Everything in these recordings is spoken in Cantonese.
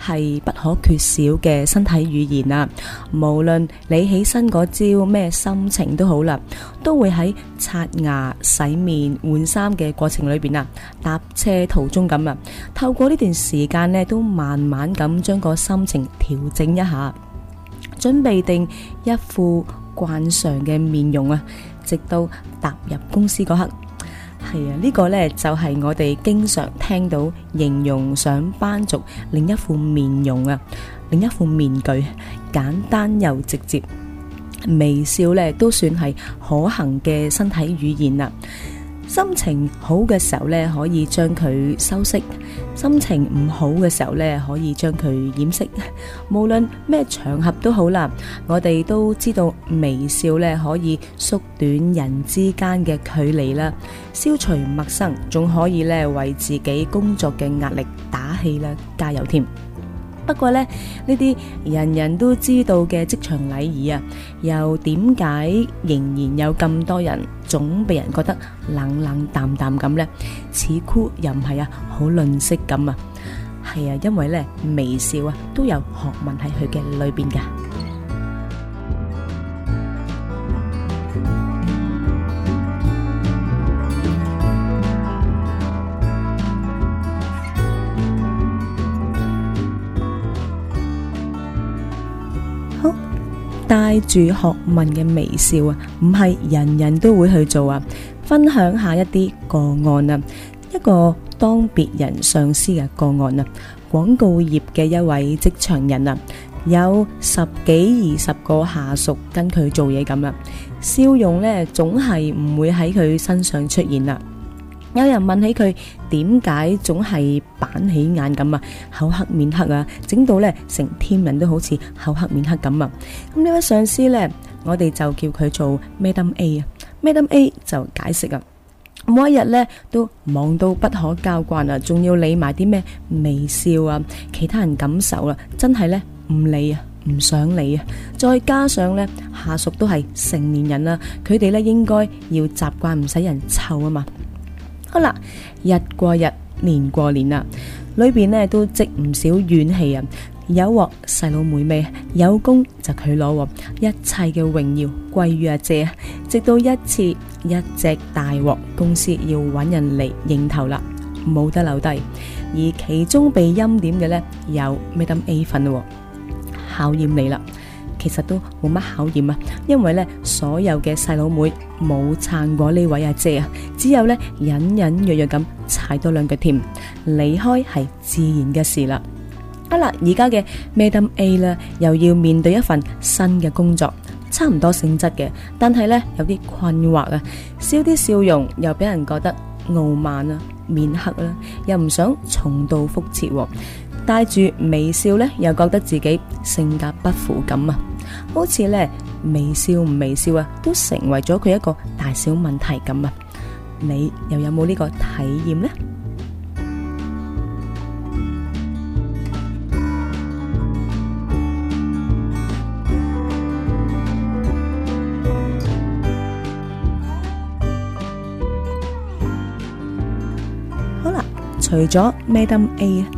係不可缺少嘅身體語言啦，無論你起身嗰朝咩心情都好啦，都會喺刷牙、洗面、換衫嘅過程裏邊啊，搭車途中咁啊，透過呢段時間呢，都慢慢咁將個心情調整一下，準備定一副慣常嘅面容啊，直到踏入公司嗰刻。係啊，呢、呢個呢，就係、是、我哋經常聽到形容上班族另一副面容啊，另一副面具，簡單又直接，微笑呢都算係可行嘅身體語言啦、啊。心情好嘅時候咧，可以將佢修飾；心情唔好嘅時候咧，可以將佢掩飾。無論咩場合都好啦，我哋都知道微笑咧可以縮短人之間嘅距離啦，消除陌生，仲可以咧為自己工作嘅壓力打氣啦，加油添！不過呢，呢啲人人都知道嘅職場禮儀啊，又點解仍然有咁多人總被人覺得冷冷淡淡咁呢？似 cool 又唔係啊，好吝嗇咁啊？係啊，因為呢，微笑啊，都有學問喺佢嘅裏邊噶。帶住學問嘅微笑啊，唔係人人都會去做啊。分享一下一啲個案啊，一個當別人上司嘅個案啊。廣告業嘅一位職場人啊，有十幾二十個下屬跟佢做嘢咁啦，笑容呢，總係唔會喺佢身上出現啦。有人問起佢點解總係板起眼咁啊？口黑面黑啊，整到咧成天人都好似口黑面黑咁啊！咁呢位上司咧，我哋就叫佢做 Madam A 啊。Madam A 就解釋啊，每一日咧都忙到不可交關啊，仲要理埋啲咩微笑啊，其他人感受啊，真係咧唔理啊，唔想理啊。再加上咧，下屬都係成年人啦，佢哋咧應該要習慣唔使人湊啊嘛。好啦，日過日，年過年啦，裏邊呢都積唔少怨氣人，有鑊細佬妹妹，有功就佢攞，一切嘅榮耀歸於阿姐。直到一次一隻大鑊，公司要搵人嚟認頭啦，冇得留低。而其中被陰點嘅呢，有咩等 A 份咯，考驗你啦。其實都冇乜考驗啊，因為咧所有嘅細佬妹冇撐過呢位阿姐啊，只有咧隱隱約約咁踩多兩腳添，離開係自然嘅事啦。好、啊、啦，而家嘅 Madam A 啦，又要面對一份新嘅工作，差唔多性質嘅，但係咧有啲困惑啊，少啲笑容又俾人覺得傲慢啊、面黑啦，又唔想重蹈覆轍。帶住微笑咧，又覺得自己性格不符咁啊，好似咧微笑唔微笑啊，都成為咗佢一個大小問題咁啊。你又有冇呢個體驗呢？好啦，除咗 Madam A。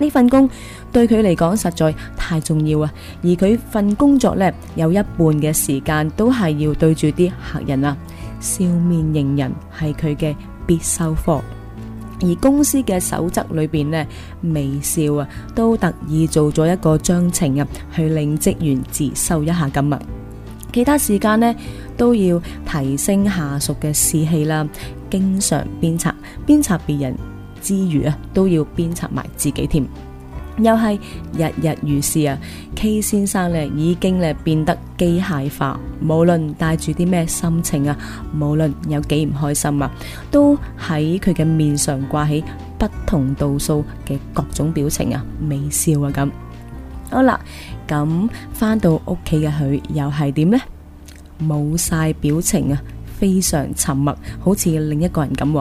呢份工對佢嚟講實在太重要啊！而佢份工作呢，有一半嘅時間都係要對住啲客人啊，笑面迎人係佢嘅必修課。而公司嘅守則裏邊呢，微笑啊，都特意做咗一個章程啊，去令職員自修一下咁啊。其他時間呢，都要提升下屬嘅士氣啦，經常鞭策，鞭策別人。之餘啊，都要鞭策埋自己添。又係日日如是啊，K 先生咧已經咧變得機械化，無論帶住啲咩心情啊，無論有幾唔開心啊，都喺佢嘅面上掛起不同度數嘅各種表情啊，微笑啊咁。好啦，咁翻到屋企嘅佢又係點呢？冇晒表情啊！非常沉默，好似另一個人咁。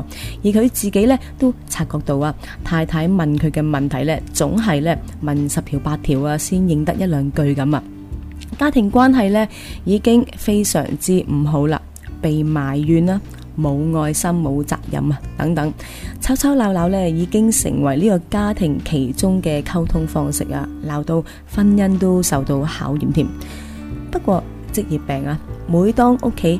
而佢自己呢都察覺到啊，太太問佢嘅問題呢，總係呢問十條八條啊，先認得一兩句咁啊。家庭關係呢已經非常之唔好啦，被埋怨啦，冇愛心、冇責任啊等等，吵吵鬧鬧呢已經成為呢個家庭其中嘅溝通方式啊，鬧到婚姻都受到考驗添。不過職業病啊，每當屋企，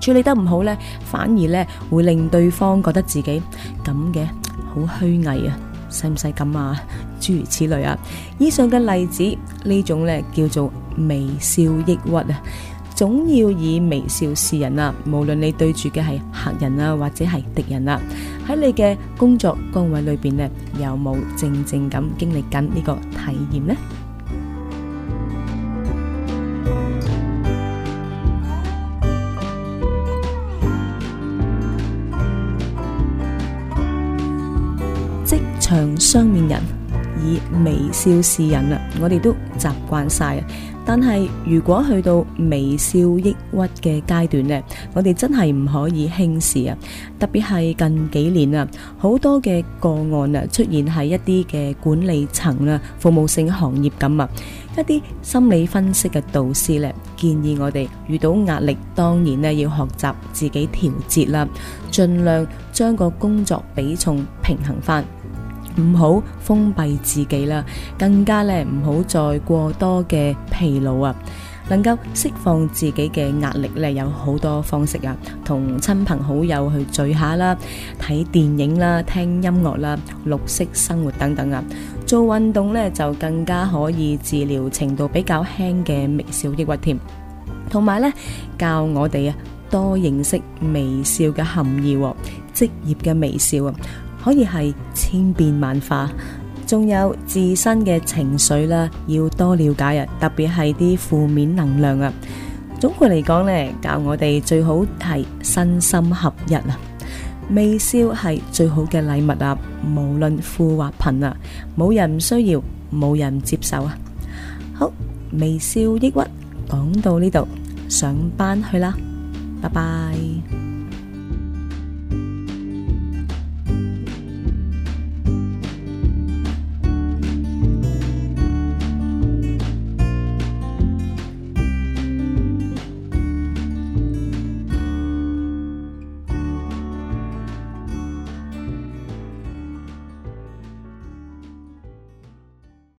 處理得唔好呢，反而呢會令對方覺得自己咁嘅，好虛偽啊！使唔使咁啊？諸如此類啊！以上嘅例子呢種呢叫做微笑抑鬱啊！總要以微笑示人啊，無論你對住嘅係客人啊，或者係敵人啊。喺你嘅工作崗位裏邊呢，有冇靜靜咁經歷緊呢個體驗呢？向雙面人以微笑示人啊，我哋都習慣晒啊。但係如果去到微笑抑鬱嘅階段呢，我哋真係唔可以輕視啊。特別係近幾年啊，好多嘅個案啊出現喺一啲嘅管理層啊，服務性行業咁啊，一啲心理分析嘅導師呢建議我哋遇到壓力，當然呢要學習自己調節啦，盡量將個工作比重平衡翻。唔好封閉自己啦，更加咧唔好再過多嘅疲勞啊！能夠釋放自己嘅壓力咧，有好多方式啊，同親朋好友去聚下啦，睇電影啦，聽音樂啦，綠色生活等等啊，做運動咧就更加可以治療程度比較輕嘅微笑抑鬱添，同埋咧教我哋啊多認識微笑嘅含義，職業嘅微笑啊。可以係千變萬化，仲有自身嘅情緒啦，要多了解啊。特別係啲負面能量啊。總括嚟講呢，教我哋最好係身心合一啊。微笑係最好嘅禮物啊，無論富或貧啊，冇人唔需要，冇人唔接受啊。好，微笑抑鬱講到呢度，上班去啦，拜拜。